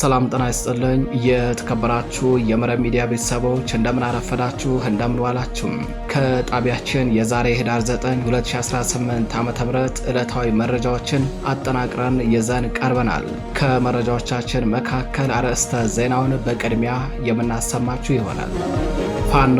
ሰላም ጤና ይስጥልኝ። የተከበራችሁ የመረብ ሚዲያ ቤተሰቦች እንደምን አረፈዳችሁ፣ እንደምን ዋላችሁ። ከጣቢያችን የዛሬ ህዳር 9 2018 ዓ.ም ዕለታዊ መረጃዎችን አጠናቅረን ይዘን ቀርበናል። ከመረጃዎቻችን መካከል አርዕስተ ዜናውን በቅድሚያ የምናሰማችሁ ይሆናል።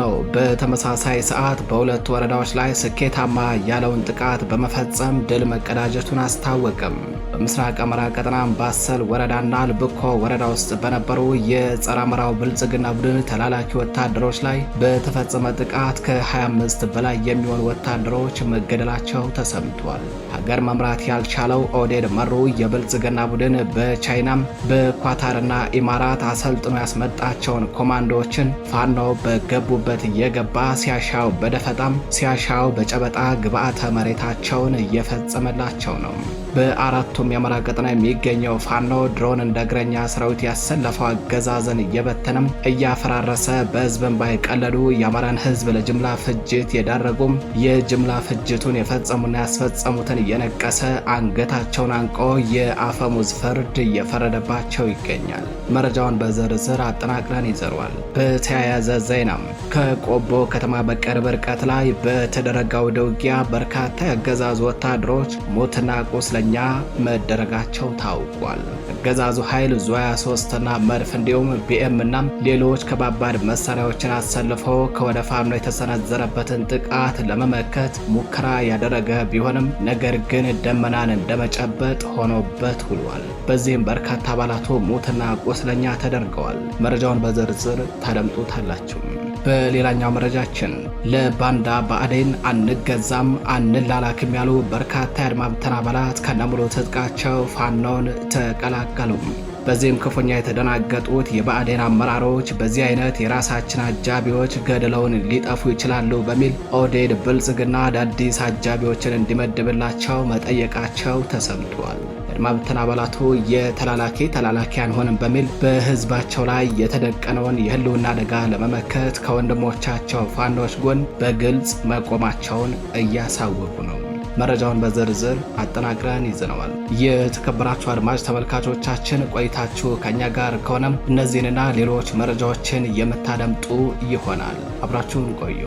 ነው በተመሳሳይ ሰዓት በሁለት ወረዳዎች ላይ ስኬታማ ያለውን ጥቃት በመፈጸም ድል መቀዳጀቱን አስታወቅም። በምስራቅ አማራ ቀጠና ባሰል ወረዳና ልብኮ ወረዳ ውስጥ በነበሩ የጸረ አማራው ብልጽግና ቡድን ተላላኪ ወታደሮች ላይ በተፈጸመ ጥቃት ከ25 በላይ የሚሆኑ ወታደሮች መገደላቸው ተሰምቷል። ሀገር መምራት ያልቻለው ኦዴድ መሩ የብልጽግና ቡድን በቻይናም በኳታርና ኢማራት አሰልጥኖ ያስመጣቸውን ኮማንዶዎችን ፋኖ በገቡበት እየገባ ሲያሻው በደፈጣም ሲያሻው በጨበጣ ግብአተ መሬታቸውን እየፈጸመላቸው ነው። በአራቱም የአማራ ቀጠና የሚገኘው ፋኖ ድሮን እንደ እግረኛ ሰራዊት ያሰለፈው አገዛዘን እየበተነም እያፈራረሰ በህዝብን ባይቀለዱ የአማራን ህዝብ ለጅምላ ፍጅት የዳረጉም የጅምላ ፍጅቱን የፈጸሙና ያስፈጸሙትን እየነቀሰ አንገታቸውን አንቆ የአፈሙዝ ፍርድ እየፈረደባቸው ይገኛል። መረጃውን በዝርዝር አጠናቅረን ይዘሯል። በተያያዘ ዜናም ከቆቦ ከተማ በቅርብ ርቀት ላይ በተደረገው ውጊያ በርካታ ያገዛዙ ወታደሮች ሞትና ቁስለ ቁስለኛ መደረጋቸው ታውቋል። አገዛዙ ኃይል ዙያ ሶስትና ና መድፍ እንዲሁም ቢኤም እና ሌሎች ከባባድ መሳሪያዎችን አሰልፈው ከወደ ፋኖ የተሰነዘረበትን ጥቃት ለመመከት ሙከራ ያደረገ ቢሆንም ነገር ግን ደመናን እንደመጨበጥ ሆኖበት ውሏል። በዚህም በርካታ አባላቱ ሙትና ቁስለኛ ተደርገዋል። መረጃውን በዝርዝር ታደምጡታላችሁ። በሌላኛው መረጃችን ለባንዳ ብአዴን አንገዛም አንላላክም ያሉ በርካታ የአድማ ብተና አባላት ከነሙሉ ትጥቃቸው ፋኖን ተቀላቀሉም። በዚህም ክፉኛ የተደናገጡት የብአዴን አመራሮች በዚህ አይነት የራሳችን አጃቢዎች ገድለውን ሊጠፉ ይችላሉ በሚል ኦዴድ ብልጽግና አዳዲስ አጃቢዎችን እንዲመድብላቸው መጠየቃቸው ተሰምቷል። የአድማ ብተና አባላቱ የተላላኪ ተላላኪያን ሆንም በሚል በህዝባቸው ላይ የተደቀነውን የህልውና አደጋ ለመመከት ከወንድሞቻቸው ፋኖች ጎን በግልጽ መቆማቸውን እያሳወቁ ነው። መረጃውን በዝርዝር አጠናቅረን ይዘነዋል። የተከበራችሁ አድማጭ ተመልካቾቻችን ቆይታችሁ ከእኛ ጋር ከሆነም እነዚህንና ሌሎች መረጃዎችን የምታደምጡ ይሆናል። አብራችሁን ቆዩ።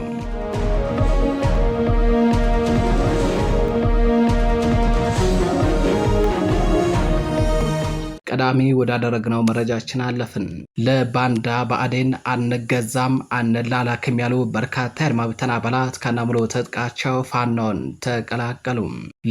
ቀዳሚ ወዳደረግነው መረጃችን አለፍን። ለባንዳ ብአዴን አንገዛም አንላላክም ያሉ በርካታ የአድማ ብተና አባላት ከነሙሉ ትጥቃቸው ፋኖን ተቀላቀሉ።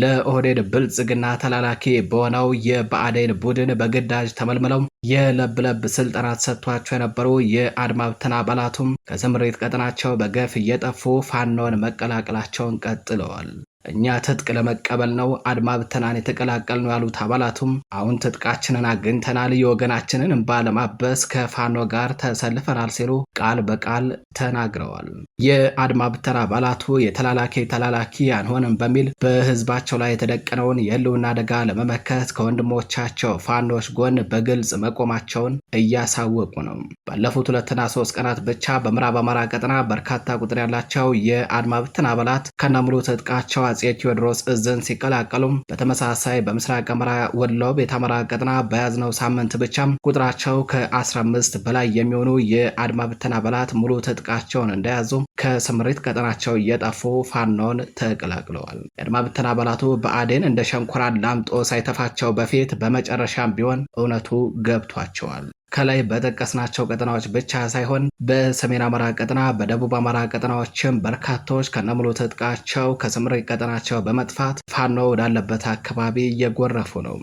ለኦህዴድ ብልጽግና ተላላኪ በሆነው የብአዴን ቡድን በግዳጅ ተመልምለው የለብለብ ስልጠና ተሰጥቷቸው የነበሩ የአድማ ብተና አባላቱም ከስምሪት ቀጠናቸው በገፍ እየጠፉ ፋኖን መቀላቀላቸውን ቀጥለዋል። እኛ ትጥቅ ለመቀበል ነው አድማ ብተናን የተቀላቀል ነው ያሉት አባላቱም አሁን ትጥቃችንን አግኝተናል፣ የወገናችንን እምባ ለማበስ ከፋኖ ጋር ተሰልፈናል ሲሉ ቃል በቃል ተናግረዋል። የአድማ ብተና አባላቱ የተላላኪ ተላላኪ አንሆንም በሚል በህዝባቸው ላይ የተደቀነውን የህልውና አደጋ ለመመከት ከወንድሞቻቸው ፋኖች ጎን በግልጽ መቆማቸውን እያሳወቁ ነው። ባለፉት ሁለትና ሶስት ቀናት ብቻ በምዕራብ አማራ ቀጠና በርካታ ቁጥር ያላቸው የአድማ ብተና አባላት ከነሙሉ ትጥቃቸው አጼ ቴዎድሮስ እዝን ሲቀላቀሉ በተመሳሳይ በምስራቅ አማራ ወሎ ቤተ አማራ ቀጥና በያዝነው ሳምንት ብቻ ቁጥራቸው ከ15 በላይ የሚሆኑ የአድማ ብተን አባላት ሙሉ ትጥቃቸውን እንደያዙ ከስምሪት ቀጠናቸው እየጠፉ ፋኖን ተቀላቅለዋል። የአድማ ብተን አባላቱ በአዴን እንደ ሸንኮራን ላምጦ ሳይተፋቸው በፊት በመጨረሻም ቢሆን እውነቱ ገብቷቸዋል። ከላይ በጠቀስናቸው ቀጠናዎች ብቻ ሳይሆን በሰሜን አማራ ቀጠና፣ በደቡብ አማራ ቀጠናዎችም በርካቶች ከነሙሉ ትጥቃቸው ከስምሪት ቀጠናቸው በመጥፋት ፋኖ ወዳለበት አካባቢ እየጎረፉ ነው።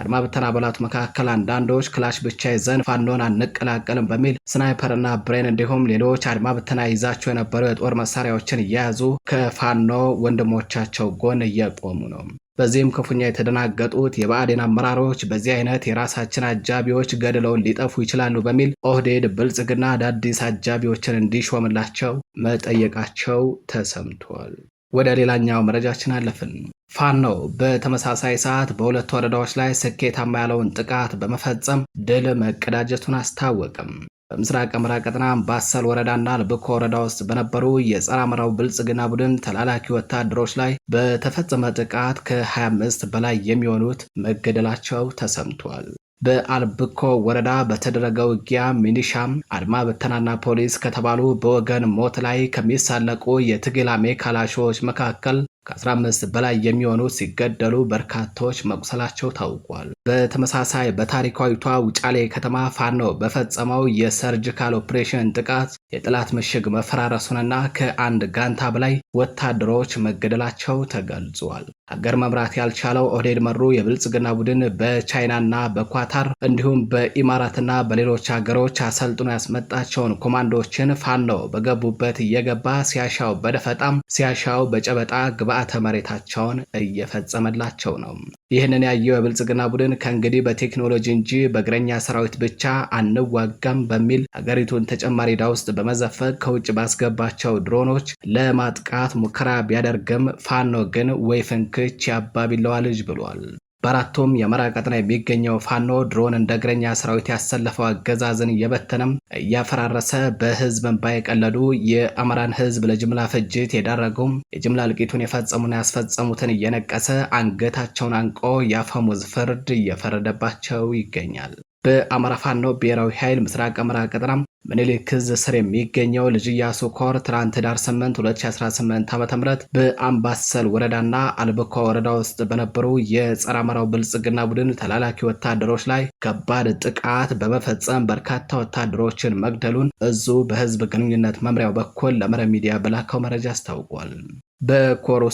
ቀድማ ብተና አባላቱ መካከል አንዳንዶች ክላሽ ብቻ ይዘን ፋኖን አንቀላቀልም በሚል ስናይፐርና ብሬን እንዲሁም ሌሎች አድማ ብተና ይዛቸው የነበሩ የጦር መሳሪያዎችን እየያዙ ከፋኖ ወንድሞቻቸው ጎን እየቆሙ ነው። በዚህም ክፉኛ የተደናገጡት የብአዴን አመራሮች በዚህ አይነት የራሳችን አጃቢዎች ገድለውን ሊጠፉ ይችላሉ በሚል ኦህዴድ ብልጽግና አዳዲስ አጃቢዎችን እንዲሾምላቸው መጠየቃቸው ተሰምቷል። ወደ ሌላኛው መረጃችን አለፍን። ፋኖ በተመሳሳይ ሰዓት በሁለት ወረዳዎች ላይ ስኬታማ ያለውን ጥቃት በመፈጸም ድል መቀዳጀቱን አስታወቅም። በምስራቅ አማራ ቀጠና በአሳል ወረዳና ልብኮ ወረዳ ውስጥ በነበሩ የጸረ አማራው ብልጽግና ቡድን ተላላኪ ወታደሮች ላይ በተፈጸመ ጥቃት ከ25 በላይ የሚሆኑት መገደላቸው ተሰምቷል። በአልብኮ ወረዳ በተደረገ ውጊያ ሚኒሻም አድማ በተናና ፖሊስ ከተባሉ በወገን ሞት ላይ ከሚሳለቁ የትግል አሜ ካላሾዎች መካከል ከ15 በላይ የሚሆኑት ሲገደሉ በርካታዎች መቁሰላቸው ታውቋል። በተመሳሳይ በታሪካዊቷ ውጫሌ ከተማ ፋኖ በፈጸመው የሰርጂካል ኦፕሬሽን ጥቃት የጠላት ምሽግ መፈራረሱንና ከአንድ ጋንታ በላይ ወታደሮች መገደላቸው ተገልጿል። ሀገር መምራት ያልቻለው ኦህዴድ መሩ የብልጽግና ቡድን በቻይናና በኳታር እንዲሁም በኢማራትና በሌሎች ሀገሮች አሰልጥኖ ያስመጣቸውን ኮማንዶዎችን ፋኖ በገቡበት እየገባ ሲያሻው በደፈጣም ሲያሻው በጨበጣ ግባ ስርዓተ መሬታቸውን እየፈጸመላቸው ነው። ይህንን ያየው የብልጽግና ቡድን ከእንግዲህ በቴክኖሎጂ እንጂ በእግረኛ ሰራዊት ብቻ አንዋጋም በሚል ሀገሪቱን ተጨማሪ ዕዳ ውስጥ በመዘፈቅ ከውጭ ባስገባቸው ድሮኖች ለማጥቃት ሙከራ ቢያደርግም ፋኖ ግን ወይ ፍንክች የአባቢለዋ ልጅ ብሏል። በአራቱም የአማራ ቀጠና የሚገኘው ፋኖ ድሮን እንደ እግረኛ ሰራዊት ያሰለፈው አገዛዝን እየበተነም እያፈራረሰ በህዝብ እንባ የቀለዱ የአማራን ህዝብ ለጅምላ ፍጅት የዳረጉም የጅምላ እልቂቱን የፈጸሙና ያስፈጸሙትን እየነቀሰ አንገታቸውን አንቆ የአፈሙዝ ፍርድ እየፈረደባቸው ይገኛል። በአማራ ፋኖ ብሔራዊ ኃይል ምስራቅ አማራ ቀጠና ምኒልክ ዕዝ ስር የሚገኘው ልጅ ኢያሱ ኮር ትናንት ዳር 8 2018 ዓ.ም በአምባሰል ወረዳና አልበኮ ወረዳ ውስጥ በነበሩ የጸረ አማራው ብልጽግና ቡድን ተላላኪ ወታደሮች ላይ ከባድ ጥቃት በመፈጸም በርካታ ወታደሮችን መግደሉን እዙ በህዝብ ግንኙነት መምሪያው በኩል ለመረ ሚዲያ በላከው መረጃ አስታውቋል።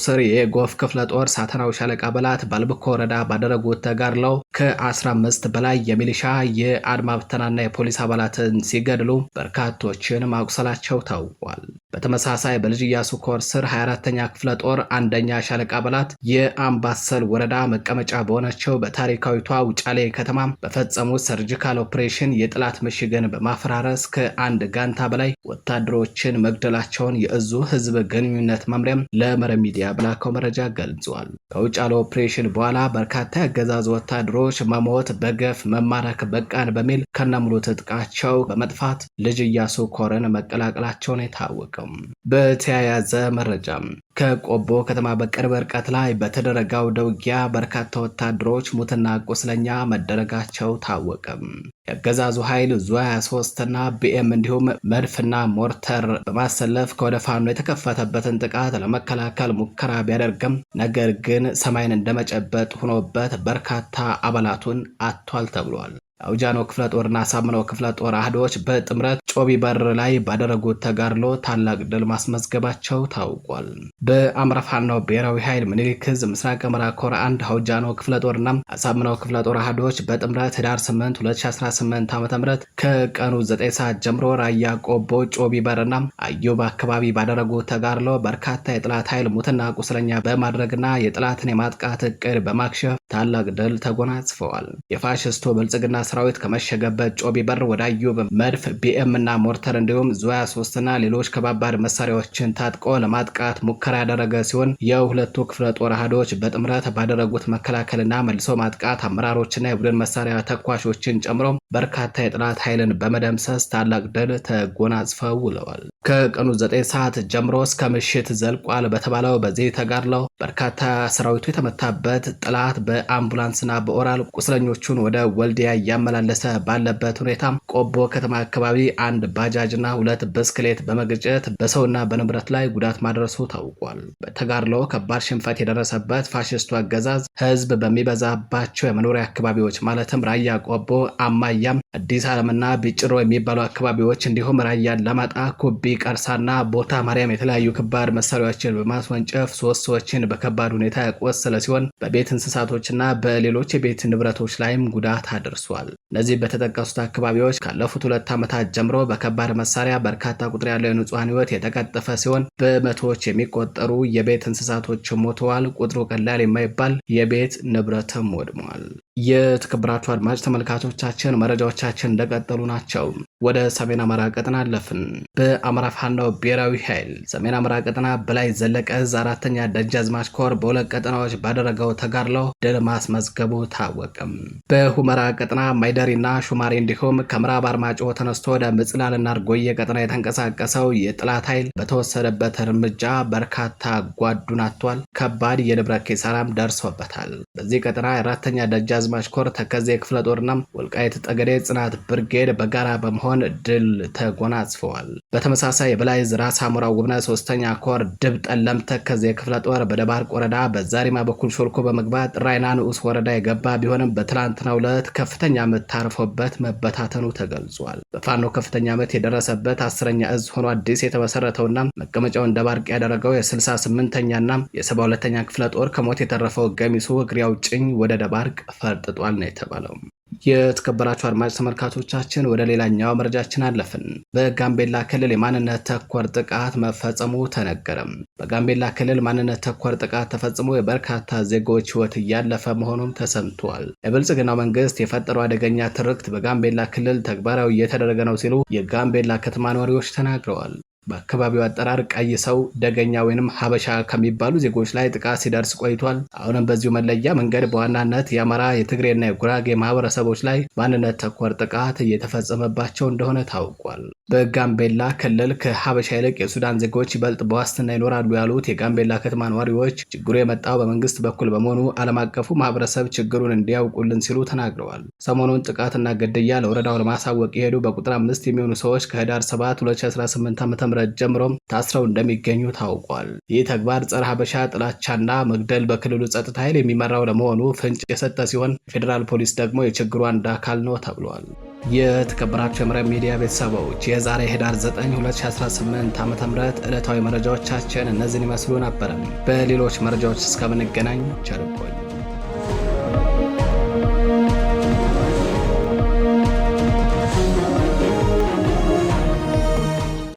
ስር የጎፍ ክፍለ ጦር ሳተናው ሻለቃ አባላት ባልብኮ ወረዳ ባደረጉት ተጋድለው ከ15 በላይ የሚሊሻ የአድማ ብተናና የፖሊስ አባላትን ሲገድሉ በርካቶችን ማቁሰላቸው ታውቋል። በተመሳሳይ በልጅ ኢያሱ ኮር ስር 24ኛ ክፍለ ጦር አንደኛ ሻለቃ አባላት የአምባሰል ወረዳ መቀመጫ በሆነችው በታሪካዊቷ ውጫሌ ከተማ በፈጸሙት ሰርጂካል ኦፕሬሽን የጠላት ምሽግን በማፈራረስ ከአንድ ጋንታ በላይ ወታደሮችን መግደላቸውን የእዙ ህዝብ ግንኙነት መምሪያም ለመረብ ሚዲያ በላከው መረጃ ገልጿል። ከውጫሌ ኦፕሬሽን በኋላ በርካታ የአገዛዙ ወታደሮች መሞት፣ በገፍ መማረክ በቃን በሚል ከነሙሉ ትጥቃቸው በመጥፋት ልጅ እያሱ ኮርን መቀላቀላቸውን የታወቀው። በተያያዘ መረጃም ከቆቦ ከተማ በቅርብ ርቀት ላይ በተደረገ አውደ ውጊያ በርካታ ወታደሮች ሙትና ቁስለኛ መደረጋቸው ታወቀም። የአገዛዙ ኃይል ዙ 23 እና ቢኤም እንዲሁም መድፍና ሞርተር በማሰለፍ ከወደ ፋኖ የተከፈተበትን ጥቃት ለመከላከል ሙከራ ቢያደርግም ነገር ግን ሰማይን እንደመጨበጥ ሆኖበት በርካታ አባላቱን አጥቷል ተብሏል። አውጃኖ ክፍለ ጦርና ሳምነው ክፍለ ጦር አህዶች በጥምረት ጮቢ በር ላይ ባደረጉት ተጋድሎ ታላቅ ድል ማስመዝገባቸው ታውቋል። በአማራ ፋኖ ብሔራዊ ኃይል ምኒልክ ምስራቅ አማራ ኮር አንድ ሀውጃኖ ክፍለ ጦርና አሳምነው ክፍለ ጦር አህዶች በጥምረት ህዳር 8 2018 ዓ ም ከቀኑ 9 ሰዓት ጀምሮ ራያ ቆቦ ጮቢ በርና አዮብ አካባቢ ባደረጉት ተጋድሎ በርካታ የጥላት ኃይል ሙትና ቁስለኛ በማድረግና የጥላትን የማጥቃት እቅድ በማክሸፍ ታላቅ ድል ተጎናጽፈዋል። የፋሽስቱ ብልጽግና ሰራዊት ከመሸገበት ጮቢ በር ወደ አዩብ መድፍ፣ ቢኤም እና ሞርተር እንዲሁም ዙያ ሶስትና ሌሎች ከባባድ መሳሪያዎችን ታጥቆ ለማጥቃት ሙከራ ያደረገ ሲሆን የሁለቱ ክፍለ ጦር አሃዶች በጥምረት ባደረጉት መከላከልና መልሶ ማጥቃት አመራሮችና የቡድን መሳሪያ ተኳሾችን ጨምሮ በርካታ የጥላት ኃይልን በመደምሰስ ታላቅ ድል ተጎናጽፈው ውለዋል። ከቀኑ 9 ሰዓት ጀምሮ እስከ ምሽት ዘልቋል በተባለው በዚህ ተጋድለው በርካታ ሰራዊቱ የተመታበት ጠላት በአምቡላንስና በኦራል ቁስለኞቹን ወደ ወልዲያ እያመላለሰ ባለበት ሁኔታ ቆቦ ከተማ አካባቢ አንድ ባጃጅና ሁለት ብስክሌት በመግጨት በሰውና በንብረት ላይ ጉዳት ማድረሱ ታውቋል። በተጋድሎ ከባድ ሽንፈት የደረሰበት ፋሽስቱ አገዛዝ ህዝብ በሚበዛባቸው የመኖሪያ አካባቢዎች ማለትም ራያ ቆቦ፣ አማያም፣ አዲስ ዓለምና ቢጭሮ የሚባሉ አካባቢዎች እንዲሁም ራያ አላማጣ፣ ኩቢ፣ ቀርሳና ቦታ ማርያም የተለያዩ ከባድ መሳሪያዎችን በማስወንጨፍ ሶስት ሰዎችን በከባድ ሁኔታ ያቆሰለ ሲሆን በቤት እንስሳቶችና በሌሎች የቤት ንብረቶች ላይም ጉዳት አድርሷል። እነዚህ በተጠቀሱት አካባቢዎች ካለፉት ሁለት ዓመታት ጀምሮ በከባድ መሳሪያ በርካታ ቁጥር ያለው የንጹሐን ሕይወት የተቀጠፈ ሲሆን በመቶዎች የሚቆጠሩ የቤት እንስሳቶች ሞተዋል። ቁጥሩ ቀላል የማይባል የቤት ንብረትም ወድመዋል። የተከበራችሁ አድማጭ ተመልካቾቻችን መረጃዎቻችን እንደቀጠሉ ናቸው። ወደ ሰሜን አማራ ቀጠና አለፍን። በአማራ ፋኖ ብሔራዊ ኃይል ሰሜን አማራ ቀጠና በላይ ዘለቀ እዝ አራተኛ ደጃዝማች ኮር በሁለት ቀጠናዎች ባደረገው ተጋድሎ ድል ማስመዝገቡ ታወቅም። በሁመራ ቀጠና ማይደሪና ሹማሪ እንዲሁም ከምዕራብ አርማጭሆ ተነስቶ ወደ ምጽላልና አርጎዬ ቀጠና የተንቀሳቀሰው የጥላት ኃይል በተወሰደበት እርምጃ በርካታ ጓዱን አጥቷል። ከባድ የንብረት ኪሳራም ደርሶበታል። በዚህ ቀጠና የአራተኛ ደጃዝማች ኮር ተከዜ ክፍለ ጦርና ወልቃይት ጠገዴ ጽናት ብርጌድ በጋራ በመሆን ሲሆን ድል ተጎናጽፈዋል። በተመሳሳይ የበላይ ራስ አሞራ ውብነ ሶስተኛ ኮር ድብ ጠለምተ ተከዜ ክፍለ ጦር በደባርቅ ወረዳ በዛሪማ በኩል ሾልኮ በመግባት ራይና ንዑስ ወረዳ የገባ ቢሆንም በትላንትናው ዕለት ከፍተኛ ምት ታርፎበት መበታተኑ ተገልጿል። በፋኖ ከፍተኛ ምት የደረሰበት አስረኛ እዝ ሆኖ አዲስ የተመሰረተውና መቀመጫውን ደባርቅ ያደረገው የ68ኛና የ72ኛ ክፍለ ጦር ከሞት የተረፈው ገሚሱ እግሪያው ጭኝ ወደ ደባርቅ ፈርጥጧል ነው የተባለው። የተከበራችሁ አድማጭ ተመልካቾቻችን ወደ ሌላኛው መረጃችን አለፍን። በጋምቤላ ክልል የማንነት ተኮር ጥቃት መፈጸሙ ተነገረም። በጋምቤላ ክልል ማንነት ተኮር ጥቃት ተፈጽሞ የበርካታ ዜጎች ሕይወት እያለፈ መሆኑም ተሰምቷል። የብልጽግናው መንግስት የፈጠረው አደገኛ ትርክት በጋምቤላ ክልል ተግባራዊ እየተደረገ ነው ሲሉ የጋምቤላ ከተማ ነዋሪዎች ተናግረዋል። በአካባቢው አጠራር ቀይ ሰው ደገኛ ወይንም ሀበሻ ከሚባሉ ዜጎች ላይ ጥቃት ሲደርስ ቆይቷል። አሁንም በዚሁ መለያ መንገድ በዋናነት የአማራ የትግሬና የጉራጌ ማህበረሰቦች ላይ ማንነት ተኮር ጥቃት እየተፈጸመባቸው እንደሆነ ታውቋል። በጋምቤላ ክልል ከሀበሻ ይልቅ የሱዳን ዜጎች ይበልጥ በዋስትና ይኖራሉ ያሉት የጋምቤላ ከተማ ነዋሪዎች ችግሩ የመጣው በመንግስት በኩል በመሆኑ ዓለም አቀፉ ማህበረሰብ ችግሩን እንዲያውቁልን ሲሉ ተናግረዋል። ሰሞኑን ጥቃትና ግድያ ለወረዳው ለማሳወቅ የሄዱ በቁጥር አምስት የሚሆኑ ሰዎች ከህዳር 7 2018 ዓ ጀምሮም ታስረው እንደሚገኙ ታውቋል። ይህ ተግባር ጸረ ሀበሻ ጥላቻና መግደል በክልሉ ጸጥታ ኃይል የሚመራው ለመሆኑ ፍንጭ የሰጠ ሲሆን ፌዴራል ፖሊስ ደግሞ የችግሩ አንድ አካል ነው ተብሏል። የተከበራቸው የመረብ ሚዲያ ቤተሰቦች የዛሬ ህዳር 9 2018 ዓ ም ዕለታዊ መረጃዎቻችን እነዚህን ይመስሉ ነበር። በሌሎች መረጃዎች እስከምንገናኝ ቸር